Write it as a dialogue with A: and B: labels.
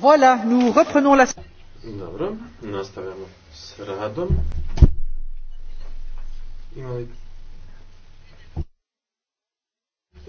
A: Voilà, nous reprenons la...
B: Dobro, nastavljamo
C: s radom. Imali